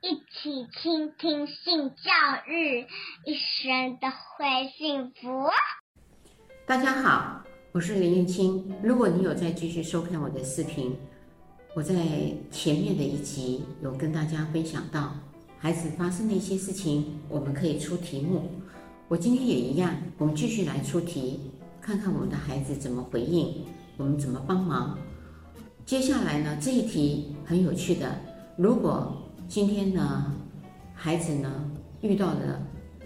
一起傾聽性教育，一生都會幸福。大家好，我是林燕青。如果你有再繼續收看我的視頻，我在前面的一集有跟大家分享到，孩子發生的一些事情，我們可以出題目。我今天也一樣，我們繼續來出題，看看我們的孩子怎麼回應，我們怎麼幫忙。接下來呢，這一題很有趣的，如果。今天呢，孩子呢遇到了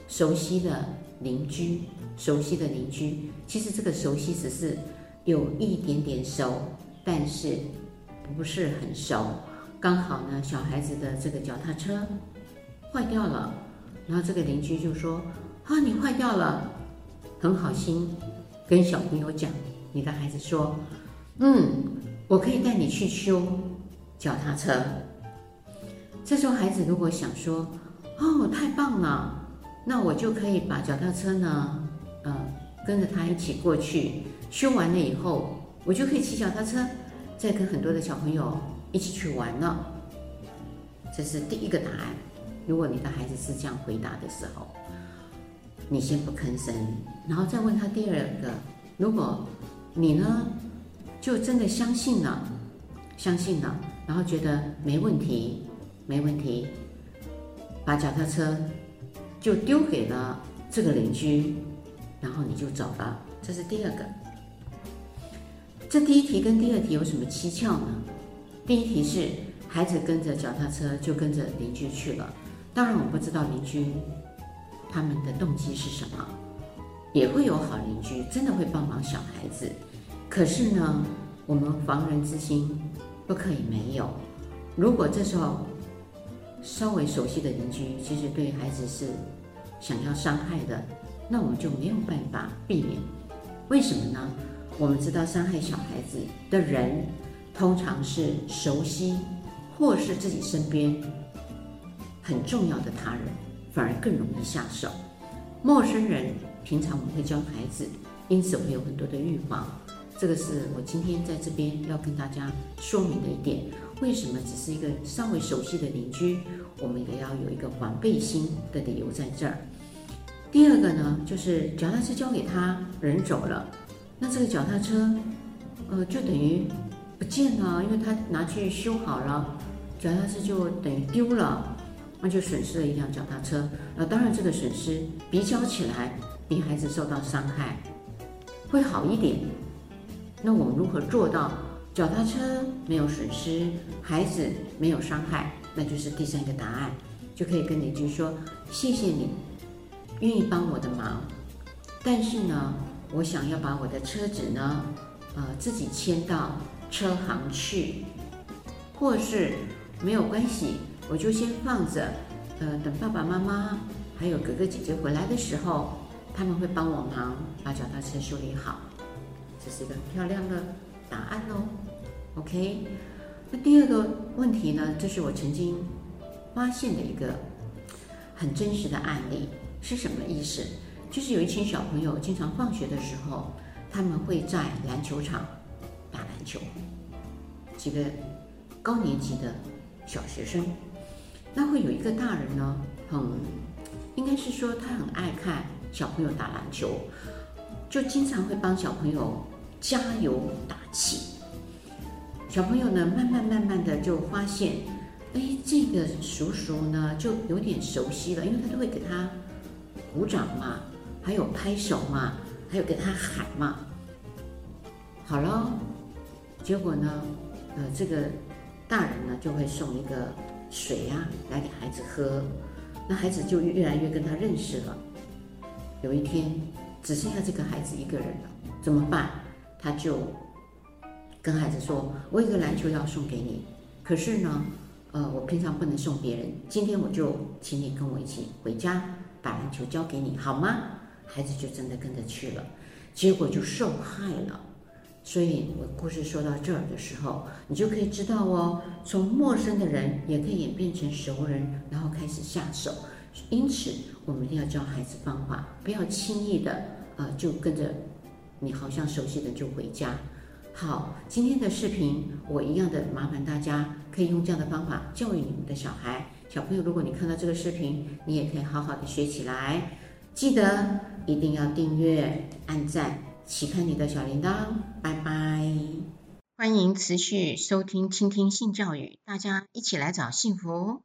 熟悉的鄰居，熟悉的鄰居，其實這個熟悉只是有一點點熟，但是不是很熟。剛好呢，小孩子的這個腳踏車壞掉了，然後這個鄰居就說：“啊，你壞掉了，很好心跟小朋友講，你的孩子說：‘嗯，我可以帶你去修腳踏車。’”這時候，孩子如果想說：“哦，太棒了！”那我就可以把腳踏車呢，嗯、呃，跟着他一起過去修完了以後，我就可以騎腳踏車，再跟很多的小朋友一起去玩了。這是第一個答案。如果你的孩子是這樣回答的時候，你先不吭聲，然後再問他第二個。如果你呢，就真的相信了，相信了，然後覺得沒問題。沒問題，把腳踏車就丟給了這個鄰居，然後你就走了。這是第二個。這第一題跟第二題有什麼蹊蹺呢？第一題是孩子跟着腳踏車就跟着鄰居去了，當然我不知道鄰居他們的動機是什麼。也會有好鄰居真的會幫忙小孩子，可是呢，我們防人之心不可以沒有。如果這時候，稍微熟悉的鄰居，其實對孩子是想要傷害的，那我們就沒有辦法避免。為什麼呢？我們知道傷害小孩子的人，通常是熟悉或是自己身邊很重要的他人，反而更容易下手。陌生人，平常我們會教孩子，因此會有很多的預防。這個是我今天在這邊要跟大家說明的一點。為什麼只是一個稍微熟悉的鄰居，我們也要有一個防備心的理由在這兒？第二個呢，就是腳踏車交給他人走了，那這個腳踏車，呃，就等於不見了，因為他拿去修好了，腳踏車就等於丟了，那就損失了一輛腳踏車。那當然這個損失比較起來，比孩子受到傷害會好一點。那我們如何做到？腳踏車沒有損失，孩子沒有傷害，那就是第三個答案，就可以跟鄰居說：“謝謝你願意幫我的忙，但是呢，我想要把我的車子呢，呃，自己牽到車行去，或是沒有關係，我就先放着，呃，等爸爸媽媽還有哥哥姐姐回來的時候，他們會幫我忙把腳踏車修理好。”這是一個很漂亮的答案哦。OK，那第二個問題呢，就是我曾經發現的一個很真實的案例，是什麼意思？就是有一群小朋友經常放學的時候，他們會在籃球場打籃球，幾個高年級的小學生，那會有一個大人呢，很，應該是說他很愛看小朋友打籃球，就經常會幫小朋友加油打氣。小朋友呢，慢慢慢慢的就發現，哎，這個叔叔呢就有點熟悉了，因為他都會給他鼓掌嘛，還有拍手嘛，還有給他喊嘛。好了，結果呢，呃，這個大人呢就會送一個水呀來給孩子喝，那孩子就越來越跟他認識了。有一天，只剩下這個孩子一個人了，怎麼辦？他就。跟孩子說：“我有個籃球要送給你，可是呢，呃，我平常不能送別人，今天我就請你跟我一起回家，把籃球交給你，好嗎？”孩子就真的跟着去了，結果就受害了。所以我故事說到這兒的時候，你就可以知道哦，從陌生的人也可以演變成熟人，然後開始下手。因此，我們一定要教孩子方法，不要輕易的，呃，就跟着你好像熟悉的就回家。好，今天的視頻我一樣的麻煩大家可以用這樣的方法教育你們的小孩小朋友。如果你看到這個視頻，你也可以好好的學起來，記得一定要訂閱、按讚、開啟你的小鈴鐺。拜拜，歡迎持續收聽、傾聽性教育，大家一起來找幸福。